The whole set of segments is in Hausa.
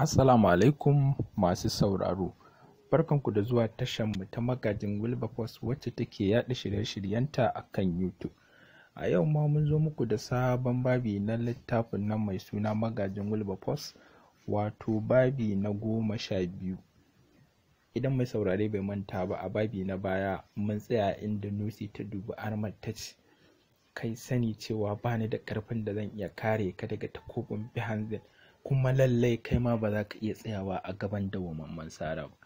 Assalamu alaikum masu sauraro. Barkanku da zuwa mu ta magajin Wilberforce wacce take yaɗa shirye-shiryenta a kan YouTube. A yau ma mun zo muku da sabon babi na littafin nan mai suna magajin Wilberforce wato babi na goma sha biyu. Idan mai saurare bai manta ba a babi na baya mun tsaya inda Nusi ta dubi armar ta ce, Kai sani cewa bani da ƙarfin da zan iya kare ka daga takobin Bihanzin. kuma lallai kai ma ba za ka iya tsayawa a gaban dawwamamman sara ba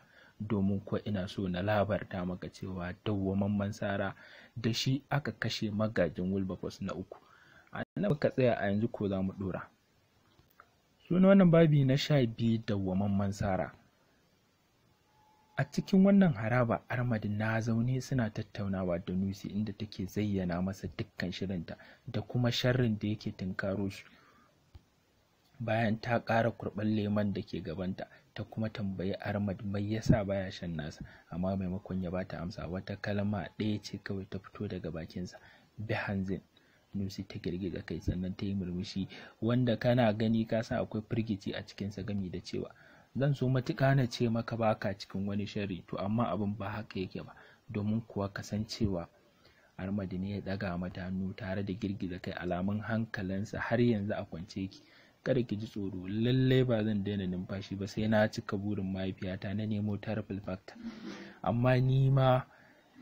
domin ko ina so na labarta maka cewa dawwamamman sara da shi aka kashe magajin wilberforce na uku a nan tsaya a yanzu ko za mu dora suna wannan babi na sha biyu dawwamamman sara a cikin wannan haraba armadi na zaune suna tattaunawa da nusi inda take zayyana masa dukkan shirinta da kuma sharrin da yake tunkaro shi bayan ta ƙara kurɓar lemon da ke gabanta ta kuma tambayi armad mai yasa baya shan nasa amma maimakon ya bata amsa wata kalma ɗaya ce kawai ta fito daga bakinsa bihanzin nusi ta girgiza kai sannan ta yi murmushi wanda kana gani ka san akwai firgici a cikinsa gami da cewa zan so matuƙa na ce maka baka cikin wani shari to amma abin ba haka yake ba domin kuwa cewa Ahmad ne ya ɗaga mata hannu tare da girgiza kai alamun hankalinsa har yanzu a kwance yake kada ki ji tsoro lallai ba zan daina numfashi ba sai na cika burin mahaifiyata na nemo therapy factor amma ni ma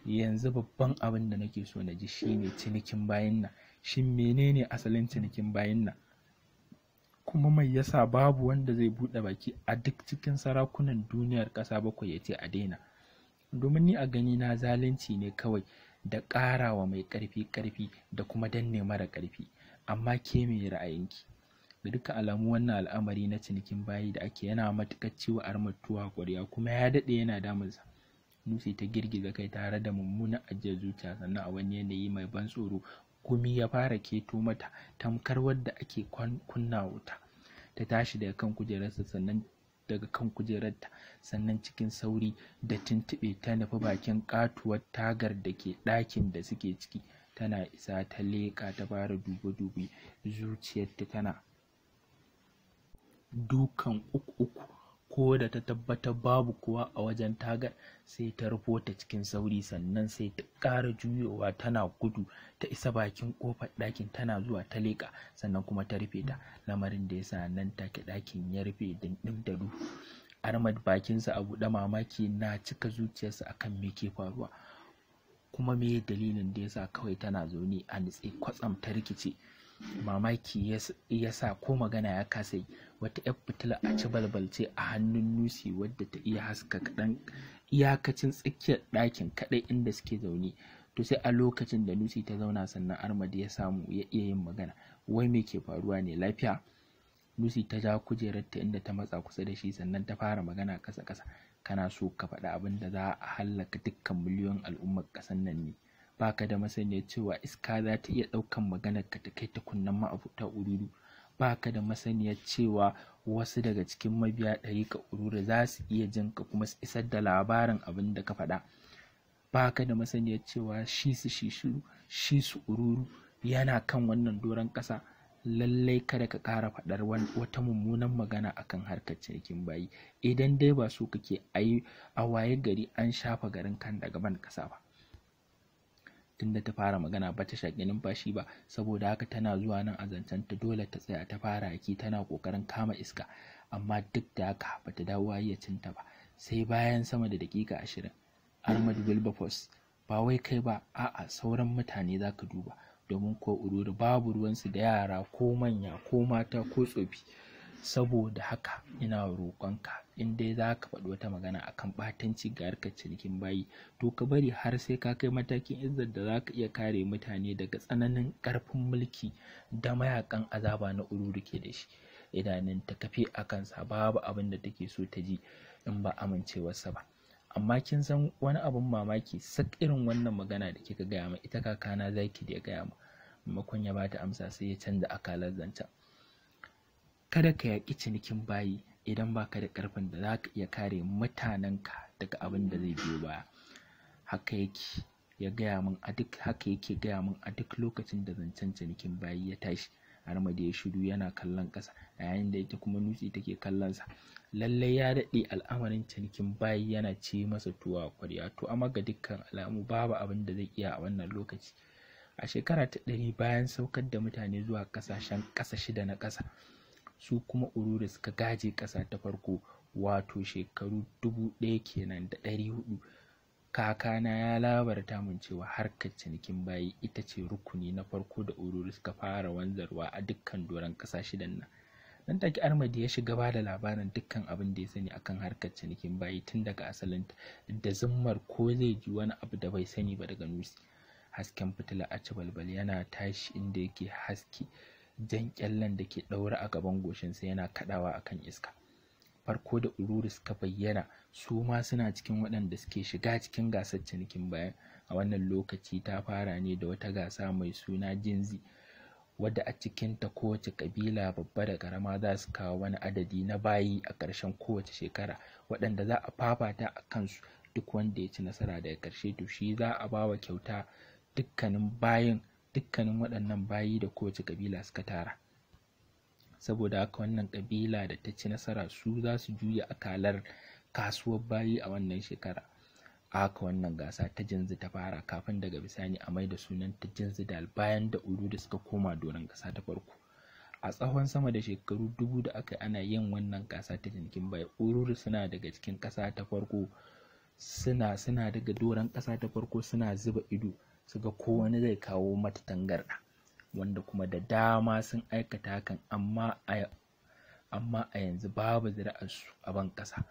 yanzu babban abin da nake so na ji shine cinikin bayan nan shin menene asalin cinikin bayan nan kuma mai yasa babu wanda zai buɗe baki a duk cikin sarakunan duniyar ƙasa bakwai ya ce a daina domin ni a gani na zalunci ne kawai da ƙarawa mai ƙarfi ƙarfi da kuma danne mara ƙarfi amma ke mai ra'ayinki da dukkan alamu wannan al'amari na cinikin bayi da ake yana matuƙar ciwo armar ƙwarya kuma ya daɗe yana damunsa nusi ta girgiza kai tare da mummunan ajiyar zuciya sannan a wani yanayi mai ban tsoro kumi ya fara keto mata tamkar wadda ake kunna wuta ta tashi daga kan kujerarsa sannan daga kan kujerarta sannan cikin sauri da tuntuɓe ta nufi bakin katuwar tagar da ke ɗakin da suke ciki tana isa ta leƙa ta fara dube-dube zuciyarta tana dukan uku-uku ko da ta tabbatar babu kuwa a wajen tagar sai ta rufo ta cikin sauri sannan sai ta ƙara juyowa tana gudu ta isa bakin ƙofar ɗakin tana zuwa ta leƙa sannan kuma ta rufe ta lamarin da ya sa nan take ɗakin ya rufe dindin da duhu armad bakinsa a buɗe mamaki na cika zuciyarsa akan me ke faruwa kuma me dalilin da ya sa kawai tana zaune a nitse kwatsam ta rikice mamaki ya sa ko magana ya kasa yi wata 'yar fitila a ci balbalce a hannun nusi wadda ta iya haska kaɗan iyakacin tsakiyar ɗakin kaɗai inda suke zaune to sai a lokacin da nusi ta zauna sannan armadi ya samu ya iya yin magana wai mai ke faruwa ne lafiya nusi ta ja kujerarta inda ta matsa kusa da shi sannan ta fara magana ƙasa-ƙasa kana so ka faɗa abin da za a hallaka dukkan miliyon al'ummar ƙasar nan ne baka da masaniyar cewa iska za ta iya ɗaukan maganar ka ta kai ta kunnan ma'abuta ururu baka da masaniyar cewa wasu daga cikin mabiya ɗari ka ururu za su iya jin ka kuma su isar da labarin abin da ka faɗa baka da masaniyar cewa shi su shi shi su ururu yana kan wannan doron ƙasa lallai kada ka ƙara faɗar wata mummunan magana akan harkar cinikin bayi idan dai ba su kake a waye gari an shafa garin kan daga ban ƙasa ba tunda ta fara magana ba ta shaƙi numfashi ba saboda haka tana zuwa nan a zancen ta dole ta tsaya ta fara aiki tana ƙoƙarin kama iska amma duk da haka ba ta dawo cinta ba sai bayan sama da daƙiƙa ashirin Ahmad Wilberforce ba wai kai ba a'a sauran mutane za ka duba domin ko ururi babu ruwansu da yara ko manya ko mata ko tsofi saboda haka ina roƙonka in dai za ka faɗi wata magana akan ɓatanci ga harkar cinikin bayi to ka bari har sai ka kai matakin izzar da za ka iya kare mutane daga tsananin ƙarfin mulki da mayakan azaba na ururu ke da shi idanun ta kafe a kansa babu abin da take so ta ji in ba amincewarsa ba amma kin san wani abin mamaki sak irin wannan magana da kika gaya ma ita kakana zaki da ya gaya ma. maimakon ya bata amsa sai ya canza akalar zancen kada ka yaƙi cinikin bayi idan ba ka da ƙarfin da za ka iya kare mutanenka daga abin da zai biyo baya haka yake ya gaya min a duk haka yake gaya min a duk lokacin da zancen cinikin bayi ya tashi Armada ya shiru yana kallon ƙasa a yayin da ita kuma nutsi take kallon sa lallai ya daɗe al'amarin cinikin bayi yana ci masa tuwa kwarya to amma ga dukkan alamu babu abin da zai iya a wannan lokaci a shekara ta ɗari bayan saukar da mutane zuwa ƙasashen ƙasa shida na ƙasa su kuma ururi suka gaje ƙasa ta farko wato shekaru dubu ɗaya kenan da ɗari hudu kakana ya labarta min cewa harkar cinikin bayi ita ce rukuni na farko da ururi suka fara wanzarwa a dukkan doron ƙasa shidan nan nan take Ahmad ya shiga ba da labarin dukkan abin da ya sani akan harkar cinikin bayi tun daga asalin da zummar ko zai ji wani abu da bai sani ba daga nusi hasken fitila a balbal yana tashi inda yake haske jan kyallen da ke ɗaure a gaban goshinsa yana kaɗawa a kan iska farko da ururu suka bayyana su ma suna cikin waɗanda suke shiga cikin gasar cinikin bayan a wannan lokaci ta fara ne da wata gasa mai suna jinzi wadda a cikinta kowace kabila babba da karama za su kawo wani adadi na bayi a ƙarshen kowace shekara waɗanda za a fafata a kansu duk wanda ya ci nasara daga ƙarshe to shi za a ba wa kyauta dukkanin bayin dukkanin waɗannan bayi da kowace ƙabila suka tara saboda haka wannan ƙabila da ta ci nasara su za su juya akalar kasuwar bayi a wannan shekara a haka wannan gasa ta jinzi ta fara kafin daga bisani a mai da sunan ta jinzi da bayan da ulu da suka koma doron ƙasa ta farko a tsawon sama da shekaru dubu da aka ana yin wannan gasa ta jinkin bai ururu suna daga cikin ƙasa ta farko suna daga doron ƙasa ta farko suna zuba ido Suka ko zai kawo mata tangarɗa wanda kuma da dama sun aikata hakan amma a yanzu babu zuri'arsu a ban ƙasa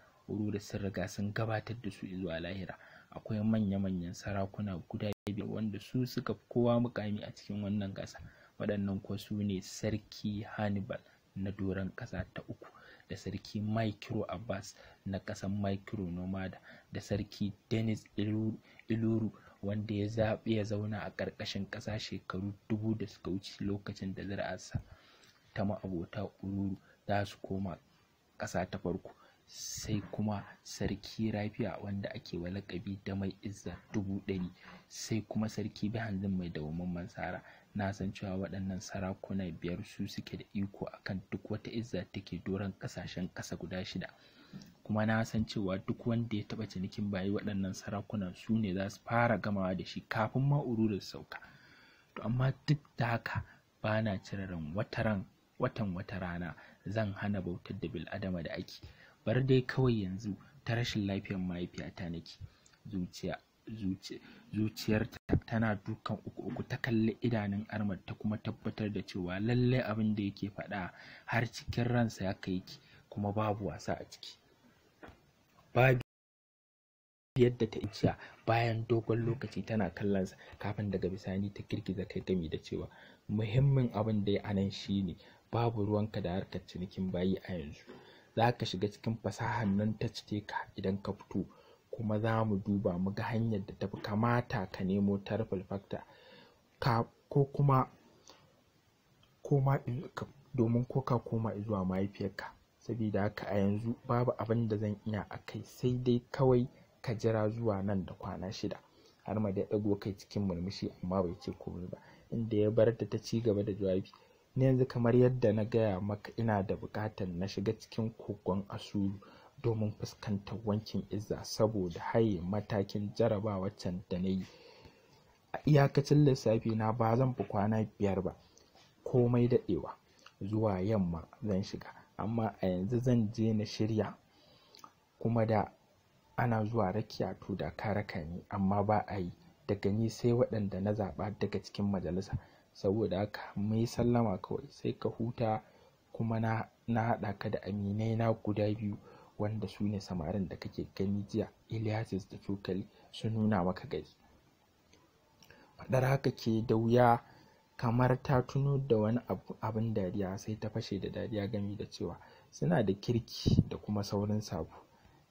da sun riga sun gabatar da su zuwa lahira akwai manya-manyan sarakuna guda biyar wanda su suka fi kowa mukami a cikin wannan ƙasa waɗannan kuwa su ne sarki hannibal na doron ƙasa ta uku da sarki micro abbas na ƙasar micro nomada da sarki dennis iluru wanda ya zaɓi ya zauna a ƙarƙashin ƙasa shekaru dubu da suka wuce lokacin da zuri'arsa ta ma'abota ururu za su koma ƙasa ta farko sai kuma sarki rafiya wanda ake wa laƙabi da mai izza dubu ɗari sai kuma sarki bihanzin mai dawwammamen tsara na san cewa waɗannan sarakuna biyar su suke da iko akan duk wata izza take doron ƙasashen ƙasa guda shida kuma na san cewa duk wanda ya taɓa cinikin bayi waɗannan sarakunan su ne za su fara gamawa da shi kafin ma da su sauka to amma duk da haka ba na cire ran watan wata rana zan hana bautar da bil'adama da ake bar dai kawai yanzu ta rashin lafiyar mahaifiyata nake zuciya zuciyarta tana dukan uku uku ta kalli idanun armar ta kuma tabbatar da cewa lallai abin da yake faɗa har cikin ransa ya kai ki kuma babu wasa a ciki babu yadda ta iya bayan dogon lokaci tana kallonsa kafin daga bisani ta girgiza kai gami da cewa muhimmin abin da ya anan shi ne, babu ruwanka da harkar cinikin bayi a yanzu za ka shiga cikin fasahar nan ta cike ka idan ka fito kuma za mu duba mu ga hanyar da tafi kamata ka nemo "triple factor ka ko kuma koma domin ko ka koma zuwa mahaifiyarka sabida haka a yanzu babu abin da zan iya a kai sai dai kawai ka jira zuwa nan da kwana shida har ma ya ɗago kai cikin murmushi amma bai ce komai ba inda ya bar ta ta ci gaba da jawabi ni yanzu kamar yadda na gaya maka ina da buƙatar na shiga cikin kogon asuru domin fuskantar wankin izza saboda haye matakin jarabawar can da na yi a iyakacin lissafi na ba zan fi kwana biyar ba komai daɗewa zuwa yamma zan shiga amma a yanzu zan je na shirya kuma da ana zuwa rakiya to da ka raka ni amma ba a yi daga ni sai waɗanda na zaɓa daga cikin majalisa saboda haka mai sallama kawai sai ka huta kuma na na haɗa ka da aminai na guda biyu wanda su ne samarin da kake gani jiya Ilyasis da cokali sun nuna maka gari faɗar haka ke da wuya kamar ta tuno da wani abu abin dariya sai ta fashe da dariya gami da cewa suna da kirki da kuma saurin sabo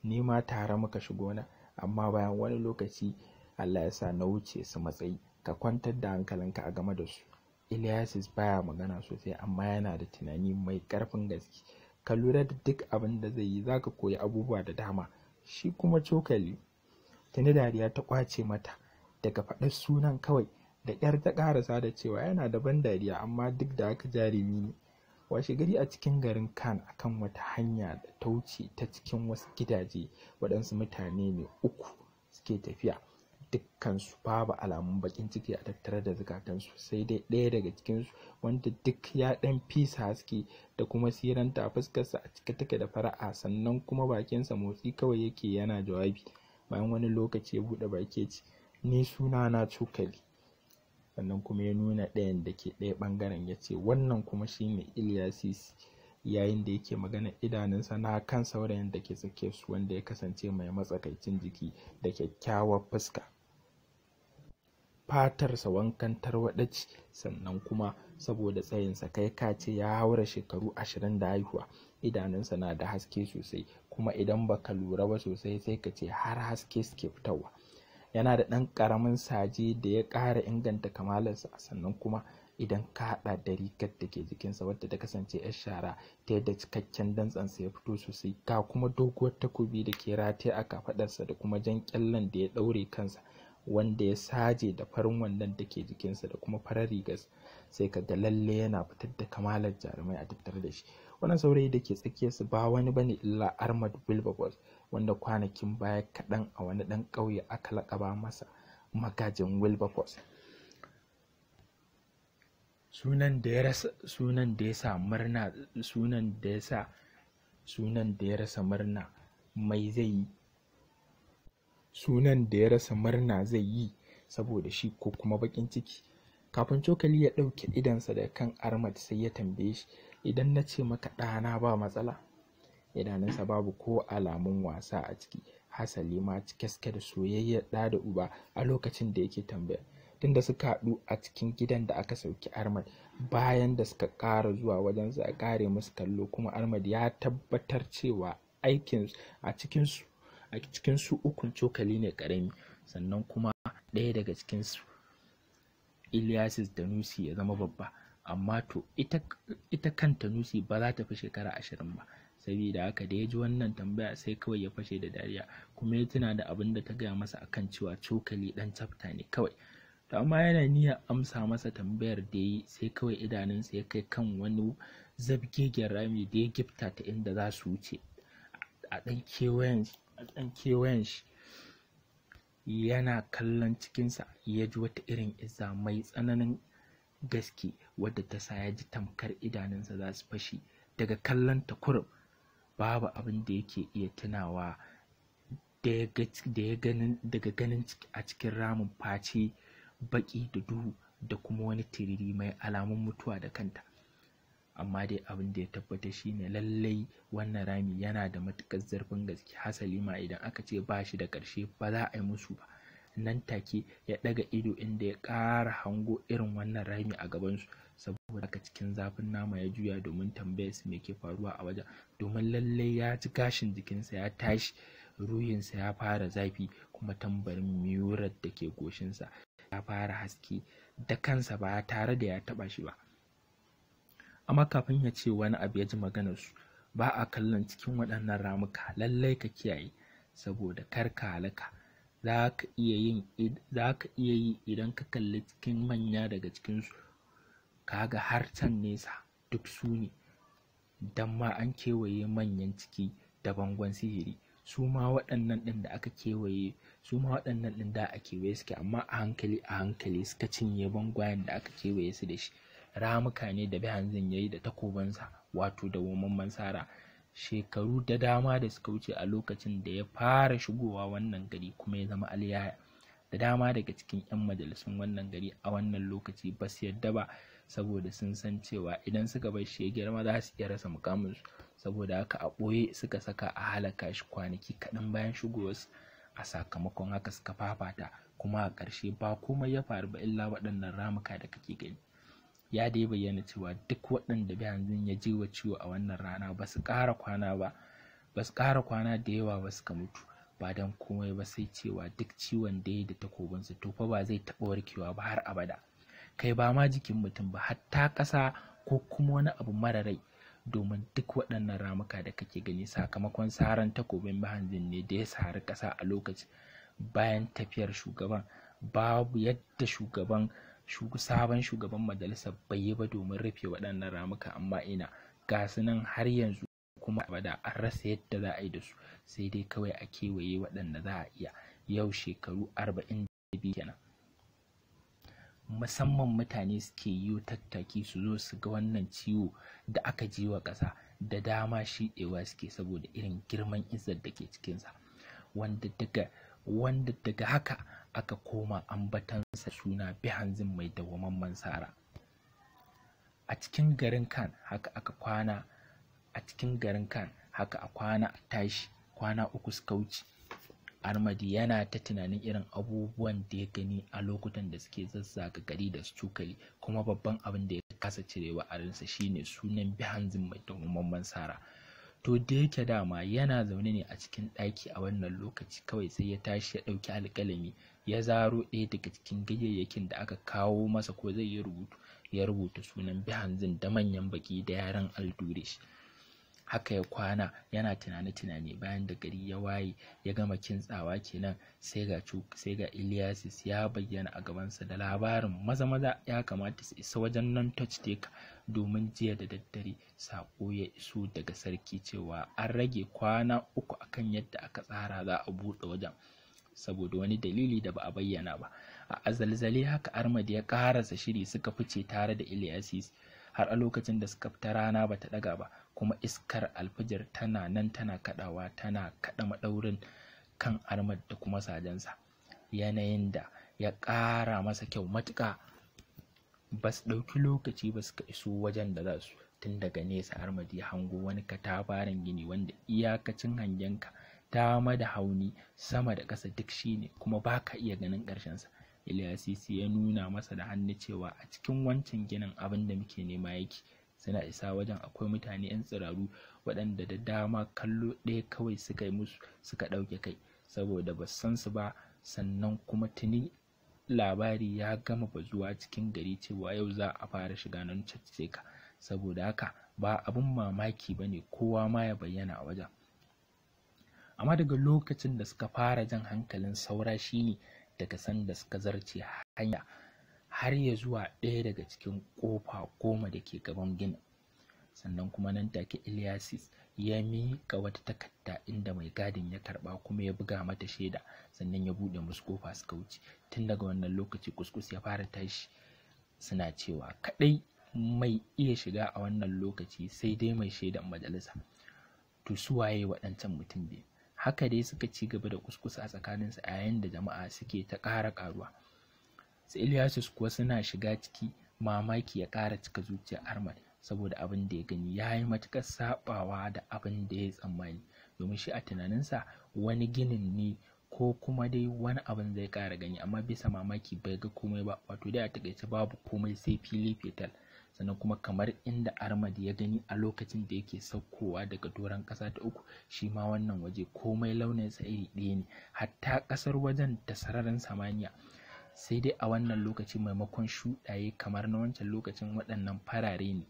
ni ma tare muka shigo gona, amma bayan wani lokaci Allah ya sa na wuce su matsayi ka kwantar da hankalinka a game da su Ilyasis baya magana sosai amma yana da tunani mai ƙarfin gaske ka lura da duk abin da zai yi zaka koyi abubuwa da dama shi kuma cokali tuni dariya ta ƙwace mata daga faɗar sunan kawai da ƙyar ta ƙara sada cewa yana da ban dariya amma duk da haka jarumi ne washe gari a cikin garin kan akan wata hanya da ta wuce ta cikin wasu gidaje waɗansu mutane ne uku suke tafiya dukkansu babu alamun baƙin ciki a tattare da zukatansu sai dai ɗaya daga cikinsu wanda duk ya ɗan fisa haske da kuma siranta fuskarsa a cike take da fara'a sannan kuma bakinsa motsi kawai yake yana jawabi bayan wani lokaci ya buɗe baki ya ce ni suna na cokali sannan kuma ya nuna ɗayan da ke ɗaya ɓangaren ya ce wannan kuma shi shine Ilyasisi yayin da yake magana idanunsa na kan saurayin da ke tsake su wanda ya kasance mai matsakaicin jiki da kyakkyawar fuska fatarsa wankan tarwaɗaci sannan kuma saboda tsayinsa kai ka ce ya haura shekaru ashirin da haihuwa idanunsa na da haske sosai kuma idan baka lura ba sosai sai ka ce har haske suke fitowa yana da ɗan ƙaramin saje da ya ƙara inganta kamalarsa sannan kuma idan ka haɗa da rigar da ke jikinsa wadda ta kasance 'yar shara ta yadda cikakken dantsansa ya fito sosai ga kuma doguwar takobi da ke rataye a kafaɗarsa da kuma jan ƙyallen da ya ɗaure kansa wanda ya saje da farin wannan da ke jikinsa da kuma farar rigar sai ka ga lalle yana fitar da kamalar jarumai a tattare da shi wannan saurayi da ke tsakiyarsu ba wani bane illa armad wilberforce wanda kwanakin baya kaɗan a wani ɗan ƙauye aka laƙaba masa magajin wilberforce sunan da ya rasa sunan da ya sa murna sunan da ya sa sunan da ya rasa murna mai zai yi sunan da ya rasa murna zai yi saboda shi ko kuma bakin ciki kafin cokali ya ɗauke idonsa da kan armad sai ya tambaye shi idan na ce maka ɗana ba matsala idanunsa babu ko alamun wasa a ciki hasali ma cike cikaske da soyayyar ɗa da uba a lokacin da yake tambaya tunda suka haɗu a cikin gidan da aka sauki armad bayan da suka ƙara zuwa wajen su a ƙare musu kallo kuma armad ya tabbatar cewa aikin a cikin su a cikin su ukun cokali ne ƙarami sannan kuma ɗaya daga cikin su Iliasis da Nusi ya zama babba amma to ita kanta nusi ba za ta fi shekara ashirin ba saboda haka da ya ji wannan tambaya sai kawai ya fashe da dariya kuma ya tuna da abin da ta gaya masa akan cewa cokali dan tsafta ne kawai to amma yana niyyar amsa masa tambayar da yi sai kawai idanunsa ya kai kan wani zabgegen rami da ya gifta ta inda za su wuce a ɗan kewayen shi yana kallon cikinsa ya ji wata irin iza mai tsananin gaske wadda ta sa ya ji tamkar idanunsa za su fashi daga kallon ta kurum babu abin da yake iya tunawa da ganin daga ganin a cikin ramin face baki da duhu da kuma wani tiriri mai alamun mutuwa da kanta amma dai abin da ya tabbata shine lallai wannan rami yana da matuƙar zurfin gaske hasali ma idan aka ce ba shi da ƙarshe ba za a yi musu ba nan take ya ɗaga ido inda ya ƙara hango irin wannan rami a gabansu saboda haka cikin zafin nama ya juya domin tambayar su me ke faruwa a wajen domin lallai ya ci gashin jikinsa ya tashi ruhinsa ya fara zafi kuma tambarin miyurar da ke goshinsa ya fara haske da kansa ba tare da ya taɓa shi ba amma kafin ya ce wani abu ya ji maganar su ba a kallon cikin waɗannan ramuka lallai ka kiyaye saboda kar ka halaka za ka iya yi idan ka kalli cikin manya daga cikinsu ka ga har can nesa duk su ne don ma an kewaye manyan ciki da bangon sihiri su ma waɗannan ɗin da aka kewaye su ma waɗannan ɗin da a kewaye suke amma a hankali a hankali suka cinye bangwayen da aka kewaye su da shi ramuka ne da bihanzin ya yi da takobansa wato da woman mansara shekaru da dama da suka wuce a lokacin da ya fara shigowa wannan gari kuma ya zama aliyaya da dama daga cikin 'yan majalisun wannan gari a wannan lokaci ba su yadda ba saboda sun san cewa idan suka bar shi ya girma za su iya rasa su saboda haka a ɓoye suka saka a halaka shi kwanaki kaɗan bayan shigowarsu a sakamakon haka suka fafata kuma a ƙarshe ba komai ya faru ba illa waɗannan ramuka da kake gani ya dai bayyana cewa duk waɗanda yanzu ya je wa ciwo a wannan rana ba su ƙara kwana ba ba su ƙara kwana da yawa ba suka mutu ba dan komai ba sai cewa duk ciwon da ya da takobinsu to fa ba zai taɓa warkewa ba har abada kai ba ma jikin mutum ba hatta ƙasa ko kuma wani abu mara rai domin duk waɗannan ramuka da kake gani sakamakon saran takobin Behanzin ne da ya sari ƙasa a lokaci. bayan tafiyar shugaban babu yadda shugaban sabon shugaban majalisa bai yi ba domin rufe waɗannan ramuka amma ina ga nan har yanzu kuma abada an rasa yadda za a yi da su sai dai kawai a kewaye waɗanda za a iya yau shekaru arba'in da biyu kenan musamman mutane suke yi tattaki su zo su ga wannan ciwo da aka ji wa ƙasa da dama shi ɗewa suke saboda irin girman izzar da ke cikinsa wanda daga haka aka koma ambatansa suna bihanzin mai dawwamamman mansara a cikin garin kan haka aka kwana a cikin garin kan haka a kwana tashi kwana uku suka wuce armadi yana ta tunanin irin abubuwan da ya gani a lokutan da suke zazzaga gari da su cokali kuma babban abin da ya kasa cirewa a ransa shine sunan bihanzin mai dawwamamman mansara to da yake dama yana zaune ne a cikin ɗaki a wannan lokaci kawai sai ya tashi ya ɗauki alƙalami ya zaro ɗaya daga cikin gayyayyakin da aka kawo masa ko zai yi rubutu ya rubuta sunan Bihanzin da manyan baki da yaran Aldurish. Haka ya kwana yana tunane-tunane bayan da gari ya waye ya gama kintsawa kenan sai ga sai ga Iliasis ya bayyana a gabansa da labarin maza-maza ya kamata su isa wajen nan take domin jiya da daddare saƙo ya iso daga sarki cewa an rage kwana uku akan yadda aka tsara za a buɗe wajen. saboda wani dalili da ba a bayyana ba a azalzale haka armad ya karasa shiri suka fice tare da Iliyasis har a lokacin da suka fita rana ba ta daga ba kuma iskar alfijar tana nan tana kadawa tana kada madaurin kan armad da kuma sajansa yanayin da ya ƙara masa kyau matuka. ba su ɗauki lokaci ba suka iso wajen da za su tun daga nesa armad ya hango wani katabarin gini wanda iyakacin hangenka dama da hauni sama da ƙasa duk shine kuma ba ka iya ganin ƙarshen ƙarshensa Ilyasisi ya nuna masa da hannu cewa a cikin wancan ginin abin da muke nema yake suna isa wajen akwai mutane 'yan tsiraru waɗanda da dama kallo ɗaya kawai suka yi musu suka ɗauke kai saboda ba san su ba sannan kuma tuni labari ya gama bazuwa cikin gari cewa yau za a fara shiga nan saboda haka ba abin mamaki ba ne kowa ma ya bayyana a wajen amma daga lokacin da suka fara jan hankalin saura shine daga sanda suka zarce hanya har ya zuwa ɗaya daga cikin ƙofa goma da ke gaban ginin sannan kuma nan take Iliasis ya miƙa wata takarda inda mai gadin ya karɓa kuma ya buga mata shaida sannan ya buɗe musu ƙofa suka wuce tun daga wannan lokaci kuskus ya fara tashi suna cewa kaɗai mai iya shiga a wannan lokaci sai dai mai shaidan majalisa to su waye waɗancan mutum biyu haka dai suka ci gaba da kuskusa a tsakaninsu a yayin da jama'a suke ta ƙara ƙaruwa su kuwa suna shiga ciki mamaki ya ƙara cika zuciya Ahmad saboda abin da ya gani ya yi matuƙar saɓawa da abin da ya tsammani domin shi a tunaninsa wani ginin ne ko kuma dai wani abin zai ƙara gani amma bisa mamaki bai ga komai ba wato dai a taƙaice babu komai sai fili fetal sannan kuma kamar inda armad ya gani a lokacin da yake saukowa daga doron ƙasa ta uku shi ma wannan waje komai launin sa iri ɗaya ne hatta ƙasar wajen da sararin samaniya sai dai a wannan lokaci maimakon shuɗaye kamar na wancan lokacin waɗannan farare ne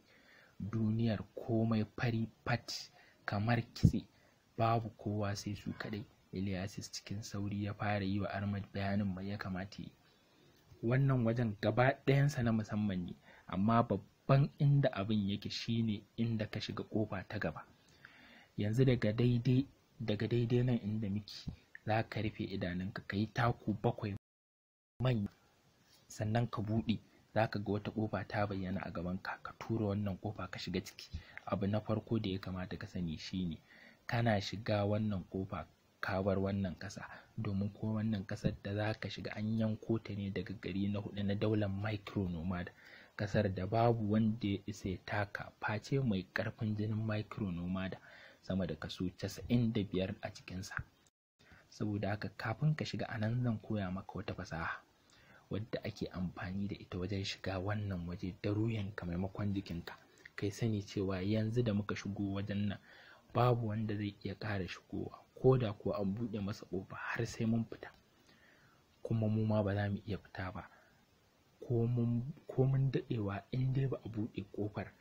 duniyar komai fari fat kamar kitse babu kowa sai su kaɗai Iliyasis cikin sauri ya fara yi wa Ahmad bayanin mai ya kamata yi. Wannan wajen gaba ɗayansa na musamman ne, amma babban babban inda abin yake shine inda ka shiga ƙofa ta gaba yanzu daga daidai daga daidai nan inda muke za ka rufe idanunka ka yi taku bakwai manya sannan ka buɗe za ka ga wata ƙofa ta bayyana a gabanka ka tura wannan ƙofa ka shiga ciki abu na farko da ya kamata ka sani shine kana shiga wannan ƙofa ka bar wannan ƙasa domin ko wannan ƙasar da za ka shiga an yanko ta ne daga gari na hudu na daular micro nomad ƙasar da babu wanda ya isa ya taka face mai ƙarfin jinin micro da sama da kaso biyar a cikinsa saboda haka kafin ka shiga anan zan koya maka wata fasaha wadda ake amfani da ita wajen shiga wannan waje da ka maimakon jikinka kai sani cewa yanzu da muka shigo wajen nan babu wanda zai iya ƙara shigowa ko da kuwa an buɗe masa ƙofa har sai mun fita kuma mu ma ba za mu iya fita ba komin daɗewa in dai ba a buɗe ƙofar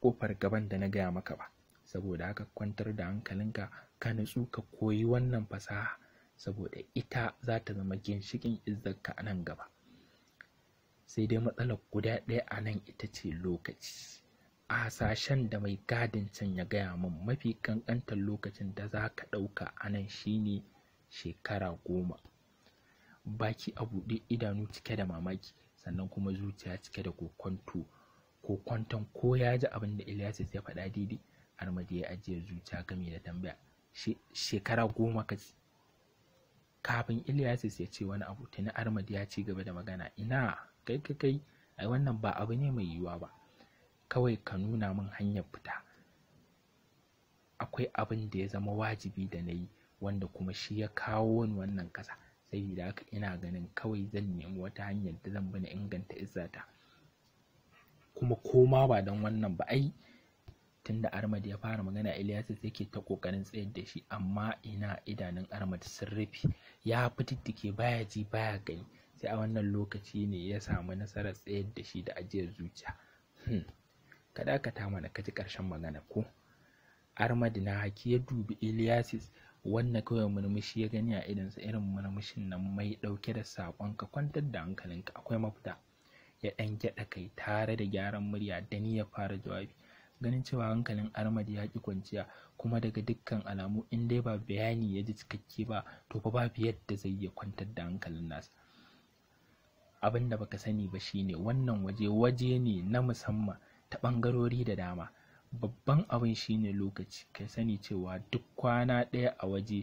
ƙofar gaban da na gaya maka ba saboda haka kwantar da hankalinka ka nutsu ka koyi wannan fasaha saboda ita za ta zama ginshiƙin izzarka a nan gaba sai dai matsalar guda ɗaya a nan ita ce lokaci a hasashen da mai gadin can ya gaya min mafi ƙanƙantar lokacin da za ka ɗauka a nan shine shekara goma baki a buɗe idanu cike da mamaki sannan kuma zuciya cike da kokonto ko kwanton ko ya ji abin da Ilyas ya faɗa daidai Armadi ya ajiye zuciya game da tambaya shekara goma kaci kafin Ilyas ya ce wani abu tuni Armadi ya ci gaba da magana ina kai kai kai ai wannan ba abu ne mai yiwuwa ba kawai ka nuna min hanyar fita akwai abin da ya zama wajibi da na yi wanda kuma shi ya kawo wani wannan kasa saboda haka ina ganin kawai zan nemi wata hanyar da zan bi na inganta izzata kuma koma ba don wannan ba ai tunda Ahmad ya fara magana Ilyas yake ta kokarin tsayar da shi amma ina idanun Ahmad sun rufe ya fitittike baya ji baya gani sai a wannan lokaci ne ya samu nasarar tsayar da shi da ajiyar zuciya hmm, ka dakata mana ka ji ƙarshen magana ko Ahmad na haki ya dubi Ilyasis Wannan kawai murmushi ya gani a sa irin murmushin nan mai ɗauke da saƙon ka kwantar da hankalinka akwai mafita ya ɗan gyaɗa kai tare da gyaran murya da ni ya fara jawabi ganin cewa hankalin Ahmad ya ƙi kwanciya kuma daga dukkan alamu in dai ba bayani ya ji cikakke ba to fa babu yadda zai iya kwantar da hankalin nasa Abinda baka sani ba shine wannan waje waje ne na musamman ta ɓangarori da dama babban abin shine lokaci ka sani cewa duk kwana ɗaya a waje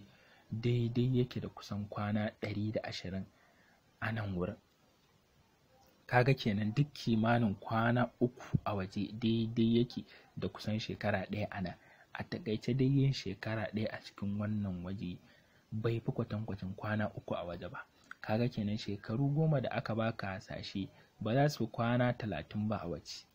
daidai yake da kusan kwana ɗari da ashirin a nan wurin kaga kenan duk kimanin kwana uku a waje daidai yake da kusan shekara ɗaya a nan a taƙaice dai yin shekara ɗaya a cikin wannan waje bai fi kwatankwacin kwana uku a waje ba kaga kenan shekaru goma da aka baka hasashe ba za su kwana talatin ba a waje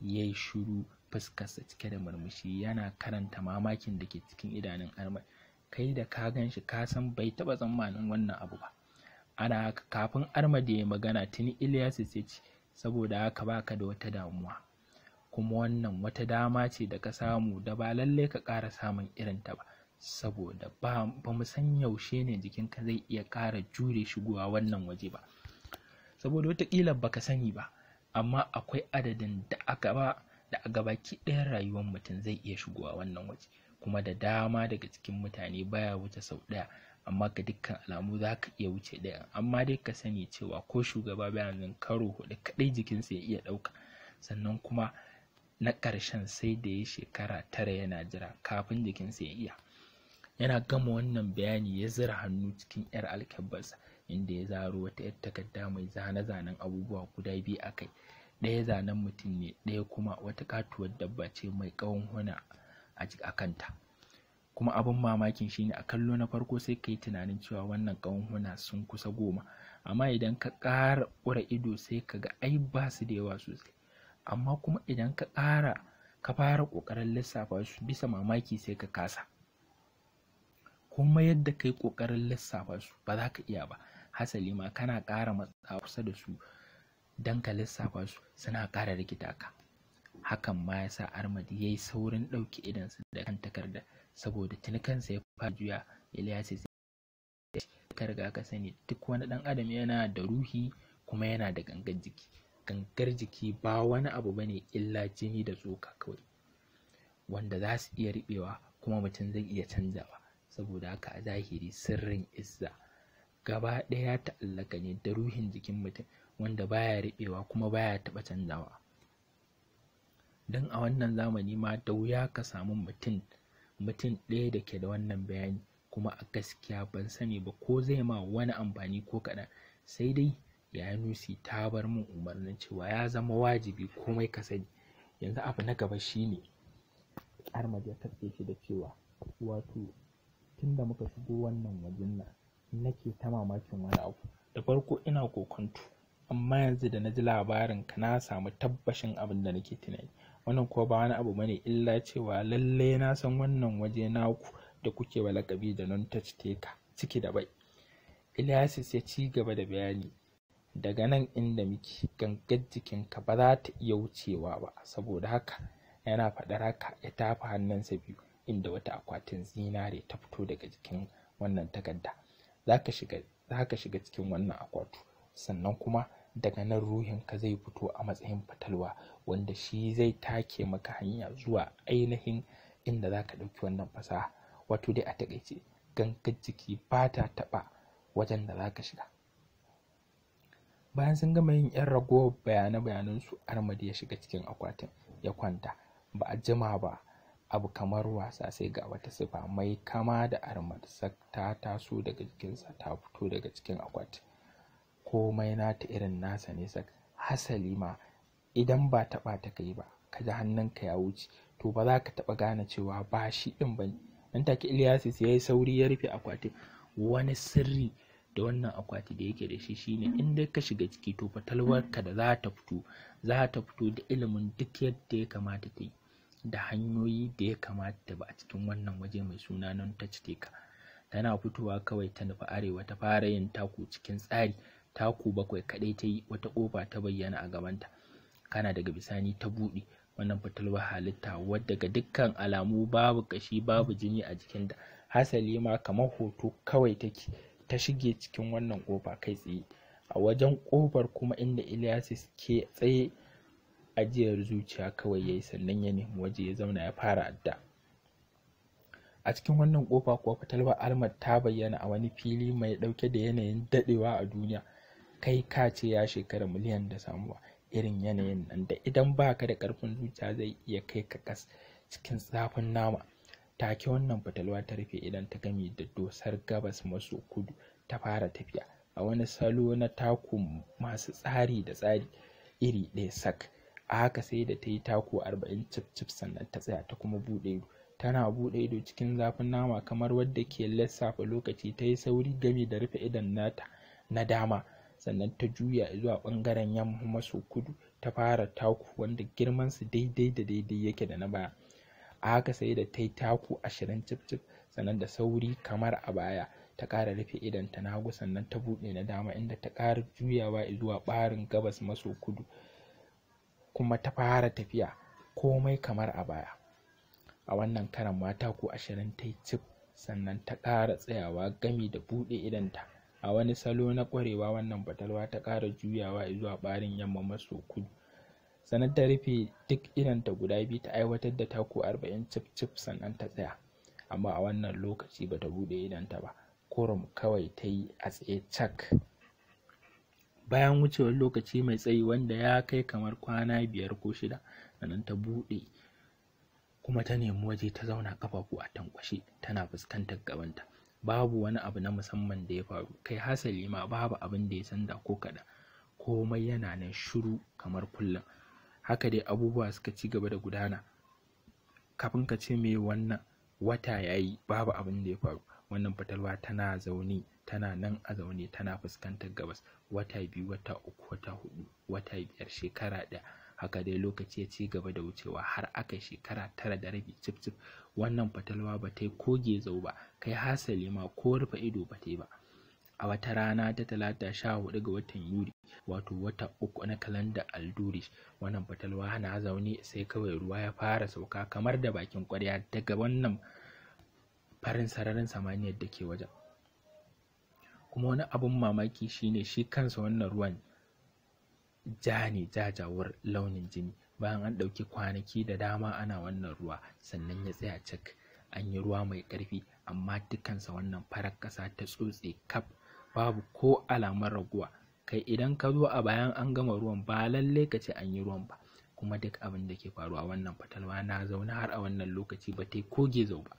yayi shiru fuskarsa cike da murmushi yana karanta mamakin da ke cikin idanun armai kai da ka gan shi ka san bai taɓa tsammanin wannan abu ba ana haka kafin armadi ya yi magana tuni ilyas ya ce saboda haka baka da wata damuwa kuma wannan wata dama ce da ka samu da ba lallai ka ƙara samun irin ta ba saboda ba mu san yaushe ne ka zai iya ƙara jure shigowa wannan waje ba saboda wataƙila baka sani ba amma akwai adadin da aka ba a gabaki ɗayan rayuwar mutum zai iya shigowa wannan waje kuma da dama daga cikin mutane baya wuce sau ɗaya amma ga dukkan alamu za ka iya wuce ɗaya amma dai ka sani cewa ko shugaba bai nan karo huɗu kaɗai jikinsa ya iya ɗauka sannan kuma na ƙarshen sai da ya shekara tara yana jira kafin jikinsa ya iya yana gama wannan bayani ya zira hannu cikin 'yar alkyabbarsa inda ya zaro wata 'yar takarda mai zane-zanen abubuwa guda biyu a kai ɗaya zanen mutum ne ɗaya kuma wata katuwar dabba ce mai ƙawon huna a kanta kuma abin mamakin shine a kallo na farko sai ka yi tunanin cewa wannan ƙawon huna sun kusa goma amma idan ka ƙara ƙura ido sai ka ga ai ba su da yawa sosai amma kuma idan ka ƙara ka fara ƙoƙarin lissafa su bisa mamaki sai ka kasa kuma yadda ka yi ƙoƙarin lissafa su ba za ka iya ba hasali ma kana ƙara matsa kusa da su don ka lissafa su suna ƙara rikita ka hakan ma ya sa armadi ya yi saurin ɗauki idansa da kan takarda saboda tuni kansa ya fara juya iliyasi zai ka riga ka sani duk wani ɗan adam yana da ruhi kuma yana da gangar jiki gangar jiki ba wani abu bane illa jini da tsoka kawai wanda za su iya riɓewa kuma mutum zai iya canzawa saboda haka a zahiri sirrin izza gaba ɗaya ta'allaka ne da ruhin jikin mutum wanda baya riɓewa kuma baya taɓa canzawa don a wannan zamani ma da wuya ka samu mutum mutum ɗaya da ke da wannan bayani kuma a gaskiya ban sani ba ko zai ma wani amfani ko kaɗan sai dai ya nusi ta bar min umarnin cewa ya zama wajibi komai ka sani yanzu abu na gaba shine armad ya katse shi da cewa wato tunda muka shigo wannan wajen nan nake ta mamakin wani abu da farko ina kokonto amma yanzu da na ji labarin ka na samu tabbashin abin da nake tunani wannan kuwa ba wani abu bane illa cewa lalle na san wannan waje naku da kuke wa lakabi da non touch taker ciki da bai Ilyasis ya ci gaba da bayani daga nan inda muke gangar jikinka ba za ta iya wucewa ba saboda haka yana faɗar haka ya tafi hannunsa biyu inda wata akwatin zinare ta fito daga jikin wannan takarda za ka shiga cikin wannan akwatu sannan kuma daga nan ruhinka zai fito a matsayin fatalwa wanda shi zai take maka hanya zuwa ainihin inda za ka ɗauki wannan fasaha wato dai a taƙaice gangar jiki ba ta taɓa wajen da za ka shiga bayan sun gama yin 'yan ragowar bayane su armadi ya shiga cikin akwatin ya kwanta ba a jima ba abu kamar wasa sai ga wata sifa mai kama da armadi ta taso daga jikinsa ta fito daga cikin akwatin komai nata irin nasa ne sak hasali ma idan ba taɓa ta kai ba ka ji hannunka ya wuce to ba za ka taɓa gane cewa ba shi ɗin ba nan take Ilyasis ya yi sauri ya rufe akwatin wani sirri da wannan akwati da yake da shi shine in dai ka shiga ciki to fatalwarka da za ta fito za ta fito da ilimin duk yadda ya kamata ta da hanyoyi da ya kamata ba a cikin wannan waje mai suna nan ta ka, tana fitowa kawai ta nufi arewa ta fara yin taku cikin tsari taku bakwai kadai ta yi wata ƙofa ta bayyana a gabanta kana daga bisani ta buɗe wannan fatalwar halitta wadda ga dukkan alamu babu ƙashi babu jini a jikinta hasali ma kamar hoto kawai take ta shige cikin wannan ƙofa kai tsaye a wajen ƙofar kuma inda Ilyasis ke tsaye ajiyar zuciya kawai yayi sannan ya nemi waje ya zauna ya fara adda a cikin wannan ƙofa kuwa fatalwar almar ta bayyana a wani fili mai ɗauke da yanayin daɗewa a duniya kai ka ce ya shekara miliyan da samuwa irin yanayin nan da idan ba ka da karfin zuciya zai iya kai ka kas cikin zafin nama take wannan fatalwa ta rufe idan ta gami da dosar gabas maso kudu ta fara tafiya a wani salo na taku masu tsari da tsari iri ɗaya sak a haka sai da ta yi taku arba'in cif cif sannan ta tsaya ta kuma buɗe ido tana buɗe ido cikin zafin nama kamar wadda ke lissafa lokaci ta yi sauri gami da rufe idon nata na dama sannan ta juya zuwa ɓangaren yamma maso kudu ta fara taku wanda girman su daidai da daidai yake da na baya a haka sai da ta yi taku ashirin cif cif sannan da sauri kamar a baya ta ƙara rufe idonta na hagu sannan ta buɗe na dama inda ta ƙara juyawa zuwa ɓarin gabas maso kudu kuma ta fara tafiya komai kamar a baya a wannan karan ma taku ashirin ta yi cif sannan ta ƙara tsayawa gami da buɗe idonta a wani salo na ƙwarewa wannan fatalwa ta ƙara juyawa zuwa ɓarin yamma maso kudu sannan ta rufe duk idanta guda biyu ta aiwatar da taku arba'in cif cif sannan ta tsaya amma a wannan lokaci bata buɗe idanta ba kurum kawai ta yi a tsaye cak bayan wucewar lokaci mai tsayi wanda ya kai kamar kwana biyar ko shida sannan ta buɗe kuma ta nemi waje ta zauna ƙafafu a tankwashe tana fuskantar gabanta babu wani abu na musamman da ya faru kai hasali ma babu abin da ya sanda ko kaɗan komai yana nan shiru kamar kullum haka dai abubuwa suka ci gaba da gudana kafin ka ce me wannan wata yayi babu abin da ya faru wannan fatalwa tana zaune tana nan a zaune tana fuskantar gabas wata biyu wata uku wata hudu wata biyar shekara ɗaya haka dai lokaci ya ci gaba da wucewa har aka shekara tara da rabi cif cif wannan fatalwa ba ta yi ko zau ba kai hasali ma ko rufe ido ba ta yi ba a wata rana ta talata sha hudu ga watan yuli wato wata uku na kalanda alduris wannan fatalwa na zaune sai kawai ruwa ya fara sauka kamar da bakin kwarya daga wannan farin sararin samaniyar da ke wajen kuma wani abun mamaki shine shi kansa wannan ruwan ja ne jajawar launin jini bayan an ɗauki kwanaki da dama ana wannan ruwa sannan ya tsaya cik an yi ruwa mai ƙarfi amma dukansa wannan farar ƙasa ta tsotse kaf babu ko alamar raguwa kai idan ka zo a bayan an gama ruwan ba lallai ka ce an yi ruwan ba kuma duk abin da ke faruwa wannan fatalwa na zaune har a wannan lokaci ba ta yi ko gizo ba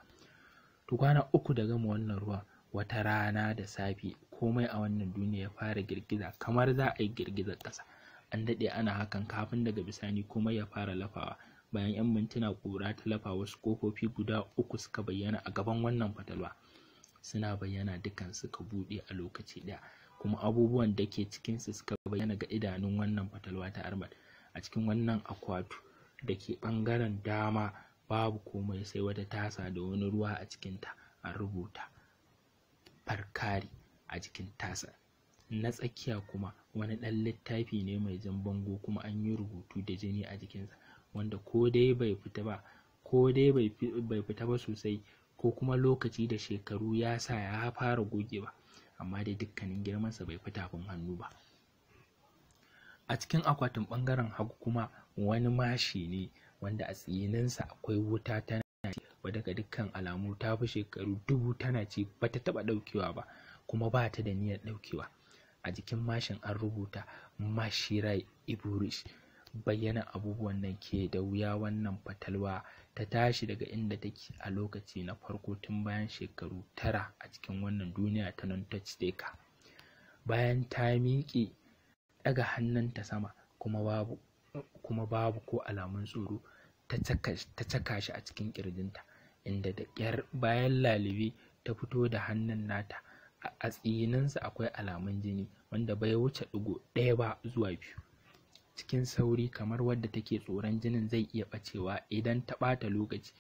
to kwana uku da gama wannan ruwan wata rana da safe komai a wannan duniya ya fara girgiza kamar za a yi girgizar ƙasa an daɗe ana hakan kafin daga bisani kuma ya fara lafawa bayan 'yan mintuna ƙura ta lafa wasu ƙofofi guda uku suka bayyana a gaban wannan fatalwa suna bayyana dukan suka buɗe a lokaci ɗaya kuma abubuwan da ke cikinsu suka bayyana ga idanun wannan fatalwa ta armad a cikin wannan akwatu da ke ɓangaren dama babu komai sai wata tasa da wani ruwa a cikinta an rubuta farkari a jikin tasar na tsakiya kuma wani ɗan littafi ne mai jan bango kuma an yi rubutu da jini a jikinsa wanda ko dai bai fita ba ko dai bai fita ba sosai ko kuma lokaci da shekaru ya sa ya fara gogewa amma dai dukkanin girmansa bai fita tafin hannu ba a cikin akwatin ɓangaren hagu kuma wani mashi ne wanda a tsininsa akwai wuta tana ci wadda ga dukkan alamu ta fi shekaru dubu tana ci ta taɓa ɗaukewa ba kuma ba ta da niyyar ɗaukewa a jikin mashin an rubuta mashirai iburish bayyana abubuwan nan ke da wuya wannan fatalwa ta tashi daga inda take a lokaci na farko tun bayan shekaru tara a cikin wannan duniya ta non touch ka bayan ta miƙe ɗaga hannunta sama kuma babu kuma babu ko alamun tsoro ta caka shi a cikin ƙirjinta inda da ƙyar bayan lalibi ta fito da hannun nata a tsininsa akwai alamun jini wanda bai wuce ɗigo ɗaya ba zuwa biyu cikin sauri kamar wadda take tsoron jinin zai iya ɓacewa idan ta ɓata lokaci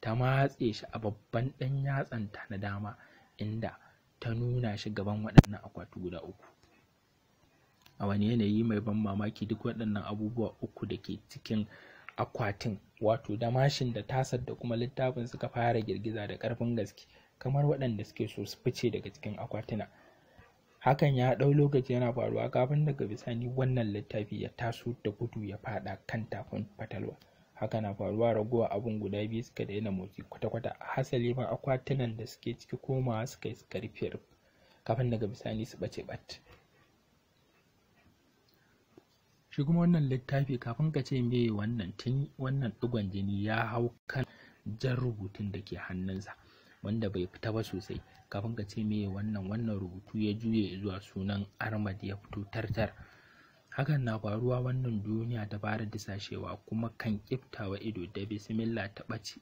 ta matse shi a babban ɗan ta na dama inda ta nuna shi gaban waɗannan akwati guda uku a wani yanayi mai ban mamaki duk waɗannan abubuwa uku da ke cikin akwatin wato damashin da tasar da kuma littafin suka fara girgiza da ƙarfin gaske kamar waɗanda suke so su fice daga cikin akwatuna hakan ya ɗau lokaci yana faruwa kafin daga bisani wannan littafi ya taso da gudu ya faɗa kan tafin fatalwa haka na faruwa ragowa abin guda biyu suka daina motsi kwata-kwata hasali ma akwatunan da suke ciki komawa suka yi suka rufe kafin daga bisani su ɓace ɓat shi kuma wannan littafi kafin ka ce me wannan tuni wannan ɗigon jini ya hau kan jan rubutun da ke hannunsa wanda bai fita ba sosai kafin ka ce meye wannan wannan rubutu ya juye zuwa sunan armad ya fito tartar hakan na faruwa wannan duniya ta fara disashewa kuma kan kiftawa ido da bismillah ta ɓace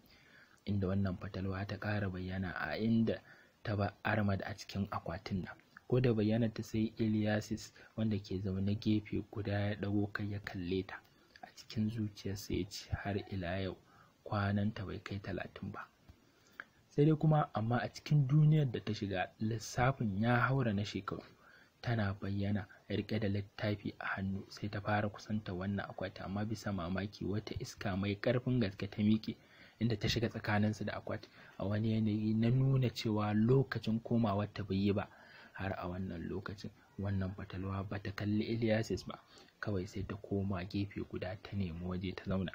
inda wannan fatalwa ta ƙara bayyana a inda ta ba armad a cikin akwatin nan ko da bayyana ta sai Iliasis wanda ke zaune gefe guda ya dago kai ya kalle ta a cikin zuciyarsa ya ce har ila yau kwananta bai kai talatin ba sai dai kuma amma a cikin duniyar da ta shiga lissafin ya haura na shekaru tana bayyana riƙe da littafi a hannu sai ta fara kusanta wannan akwati amma bisa mamaki wata iska mai ƙarfin gaske ta miƙe inda ta shiga tsakaninsu da akwati a wani yanayi na nuna cewa lokacin komawar ta bai yi ba har a wannan lokacin wannan fatalwa ba ta kalli Iliyasis ba kawai sai ta koma gefe guda ta nemi waje ta zauna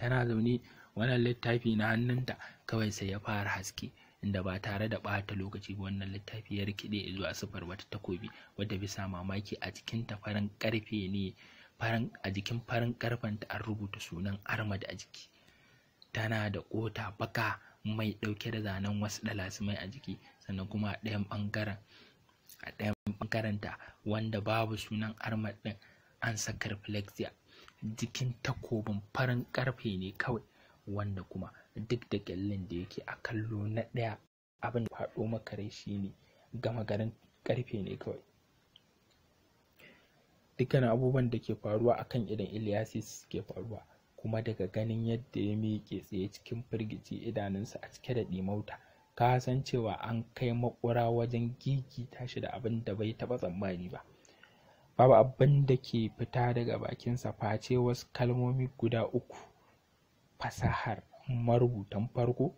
tana zaune wannan littafi na hannunta kawai sai ya fara haske inda ba tare da ɓata lokaci ba wannan littafi ya rikide zuwa sifar wata takobi wadda bisa mamaki a jikinta farin karfe ne farin a jikin farin karfen ta an rubuta sunan armad a jiki tana da ƙota baka mai ɗauke da zanen wasu ɗalasimai a jiki sannan kuma a ɗayan ɓangaren a ɗayan bangaren ta wanda babu sunan armad ɗin an saka reflexia jikin takobin farin ƙarfe ne kawai wanda kuma duk da gyallin da yake a kallo na ɗaya abin da faɗo maka rai ne, gama garin ƙarfe ne kawai dukkanin abubuwan da ke faruwa a akan idan iliyasi suke faruwa kuma daga ganin yadda ya miƙe tsaye cikin firgici idanunsa a cike da ɗimauta ka san cewa an kai maƙura wajen gigita tashi da abin da bai taɓa tsammani ba babu abin da ke fita daga bakinsa face wasu kalmomi guda uku fasahar marubutan farko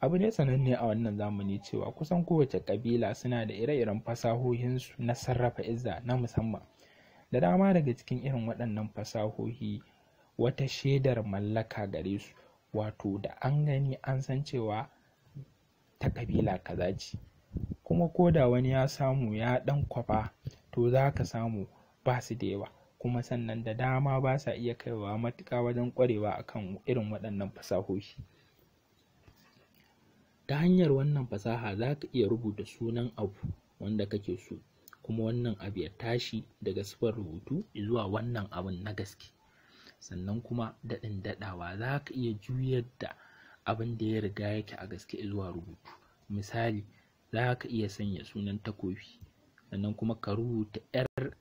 abu ne sananne a wannan zamani cewa kusan kowace ƙabila suna da ire-iren fasahohinsu na sarrafa izza na musamman da dama daga cikin irin waɗannan fasahohi wata shaidar mallaka gare su wato da an gani an san cewa ta ƙabila kaza ce kuma ko da wani ya samu ya ɗan kwafa to za ka samu ba su da yawa kuma sannan da dama ba sa iya kaiwa matuƙa wajen ƙwarewa akan irin waɗannan fasahohi ta hanyar wannan fasaha za ka iya rubuta sunan abu wanda kake so kuma wannan abu ya tashi daga sifar rubutu zuwa wannan abun na gaske sannan kuma daɗin daɗawa za ka iya juyar da abin da ya riga yake a gaske zuwa rubutu misali za ka iya sanya sunan takobi sannan kuma ka rubuta yar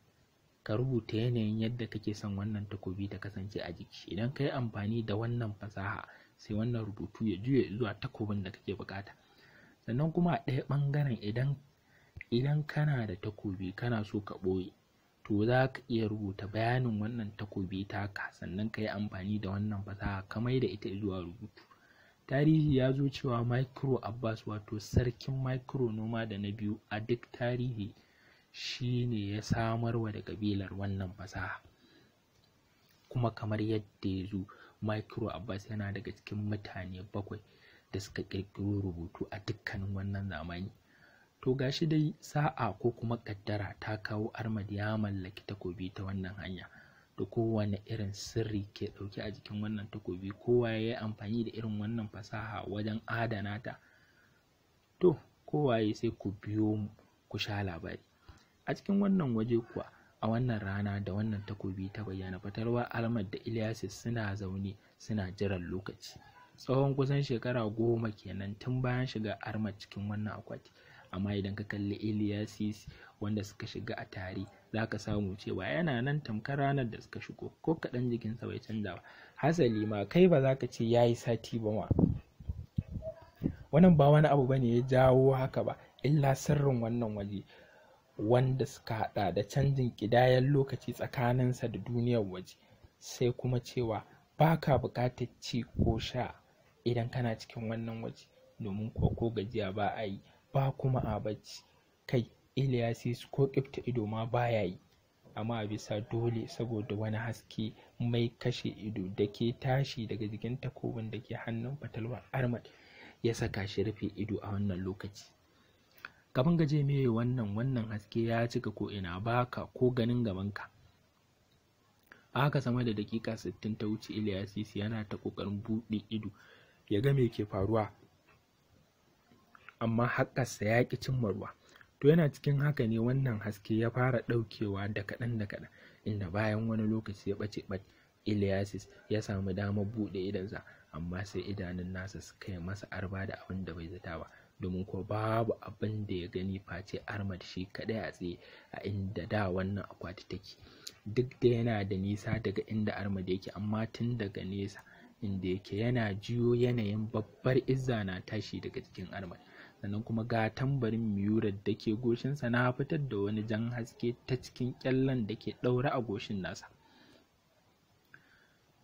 ka rubuta yanayin yadda kake son wannan takobi ta kasance a jiki idan ka yi amfani da wannan fasaha sai wannan rubutu ya juya zuwa takobin da kake bukata sannan kuma a ɗaya ɓangaren idan idan kana da takobi kana so ka ɓoye to za ka iya rubuta bayanin wannan takobi taka sannan ka yi amfani da wannan fasaha ka mai da ita zuwa rubutu tarihi ya zo cewa micro abbas wato sarkin micro noma da na biyu a duk tarihi shi ne ya samarwa da ƙabilar wannan fasaha kuma kamar yadda ya zo micro abbas yana daga cikin mutane bakwai da suka ƙirƙiro rubutu a dukkanin wannan zamani to gashi dai sa'a ko kuma ƙaddara ta kawo armad ya mallaki takobi ta wannan hanya da kowane irin sirri ke ɗauke a jikin wannan takobi kowa ya yi amfani da irin wannan fasaha wajen adana ta to kowaye sai ku biyo mu ku sha labari a cikin wannan waje kuwa a wannan rana da wannan takobi ta bayyana fatalwa Ahmad da ilyasis suna zaune suna jiran lokaci tsawon kusan shekara goma kenan tun bayan shiga Ahmad cikin wannan akwati amma idan ka kalli iliyasis wanda suka shiga a tare za ka samu cewa yana nan tamkar ranar da suka shigo ko kaɗan jikinsa bai canza ba hasali ma kai ba za ka ce ya yi sati ba ma wannan ba wani abu bane ya jawo haka ba illa sirrin wannan waje wanda suka haɗa da canjin ƙidayan lokaci tsakaninsa da duniyar waje sai kuma cewa ba ka buƙatar ci ko sha idan kana cikin wannan waje domin kuwa ko gajiya ba a yi ba kuma a bacci kai iliyasis ko ƙifta ido ma ba ya yi amma bisa dole saboda wani haske mai kashe ido da ke tashi daga jikin takobin da ke hannun fatalwar armad ya saka shi rufe ido a wannan lokaci gaban gaje meye wannan wannan haske ya cika ko ina baka ko ganin gabanka a haka sama da dakika sittin ta wuce sisi yana ta kokarin buɗe ido ya ga me ke faruwa amma haƙarsa ya ƙi cimma ruwa to yana cikin haka ne wannan haske ya fara ɗaukewa da kaɗan da kaɗan inda bayan wani lokaci ya ɓace ɓace Iliasis ya samu damar buɗe idonsa amma sai idanun nasa suka yi masa arba da abin da bai zata ba domin kuwa babu abin da ya gani face armad shi kaɗai a tsaye a inda da wannan akwati take duk da yana da nisa daga inda armad yake amma tun daga nesa inda yake yana jiyo yanayin babbar izza na tashi daga cikin armad sannan kuma ga tambarin miyurar da ke goshinsa na fitar da wani jan haske ta cikin kyallen da ke ɗaure a goshin nasa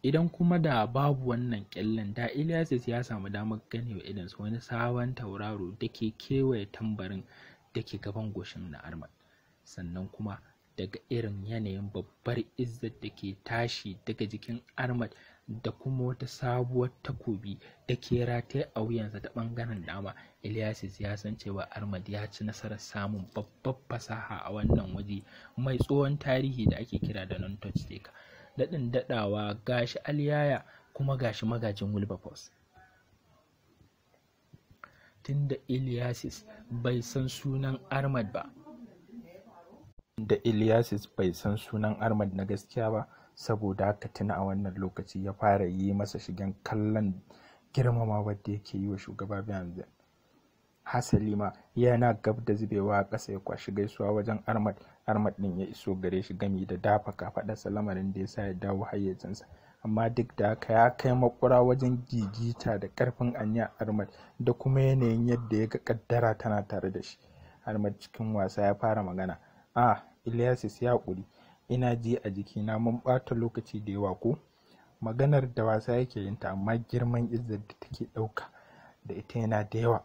idan kuma da babu wannan ƙyallen da Iliasis ya samu damar ganewa idansa wani sabon tauraro da ke kewaye tambarin da ke gaban goshin na Armad sannan kuma daga irin yanayin babbar izzar da ke tashi daga jikin Armad da kuma wata sabuwar takobi da ke rataye a wuyansa ta ɓangaren dama Iliasis ya san cewa Armad ya ci nasarar samun babbar fasaha a wannan waje mai tsohon tarihi da ake kira da non-touch daɗin daɗawa gashi aliyaya kuma gashi magajin wilberforce tunda iliasis bai san sunan armad ba da iliasis bai san sunan armad na gaskiya ba saboda haka tuna a wannan lokaci ya fara yi masa shigen kallon girmama wadda yake yi wa shugaba biyan hasali ma yana gab da zubewa a ƙasa ya kwashi gaisuwa wajen armad armad ɗin ya iso gare shi gami da dafa kafaɗarsa lamarin da ya sa ya dawo hayyacinsa amma duk da haka ya kai makura wajen gigita da ƙarfin anya armad da kuma yanayin yadda ya ga ƙaddara tana tare da shi armad cikin wasa ya fara magana a iliyasis ya ƙuri ina ji a jikina mun ɓata lokaci da yawa ko maganar da wasa yake yinta amma girman izzar da take ɗauka da ita yana da yawa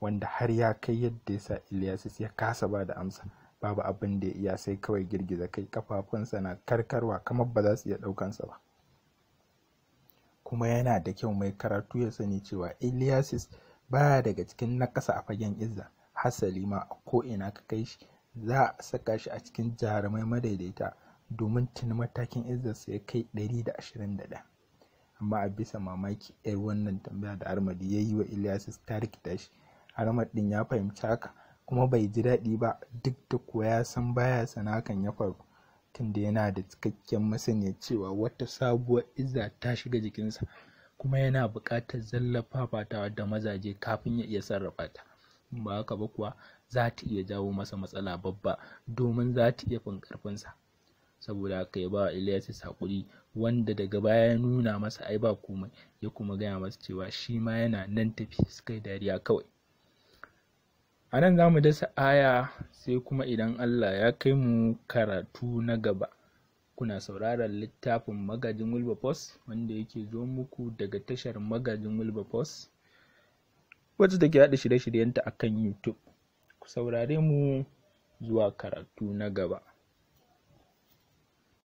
wanda har ya kai yadda ya sa Iliyasis ya kasa ba da amsa babu abin da ya iya sai kawai girgiza kai kafafunsa na karkarwa kamar ba za su iya ɗaukansa ba kuma yana da kyau mai karatu ya sani cewa Iliyasis baya daga cikin nakasa a fagen izza hasali ma a ko'ina ka kai shi za a saka shi a cikin jarumai madaidaita domin tuni matakin izzarsa ya kai 121 amma a bisa mamaki 'yar wannan tambaya da armadi ya yi wa Iliyasis ta rikita shi haramar din ya fahimci haka kuma bai ji daɗi ba duk da kuwa ya san baya sana hakan ya faru tunda yana da cikakken masaniya cewa wata sabuwar izza ta shiga jikinsa kuma yana buƙatar zallafa fatawa da mazaje kafin ya iya sarrafa ta ba haka ba kuwa za ta iya jawo masa matsala babba domin za ta iya fin ƙarfinsa saboda haka ya ba wa Ilyas hakuri wanda daga baya ya nuna masa ai ba komai ya kuma gaya masa cewa shi ma yana nan tafi suka yi dariya kawai a nan za mu dasa aya sai kuma idan Allah ya kai mu karatu na gaba kuna sauraron littafin magajin wilberforce wanda yake zo muku daga tashar magajin wilberforce wacce take haɗa shirye-shiryenta akan youtube ku saurare mu zuwa karatu na gaba